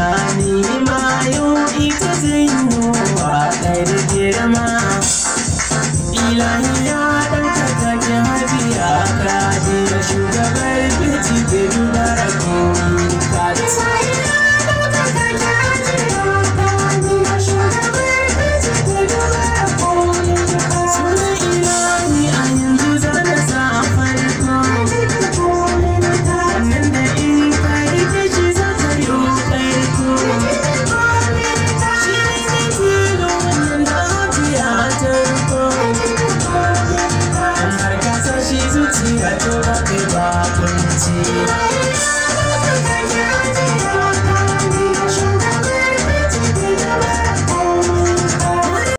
ya mayo ita zai yi wa ƙarfi girma ilahiya toda que va a coincidir.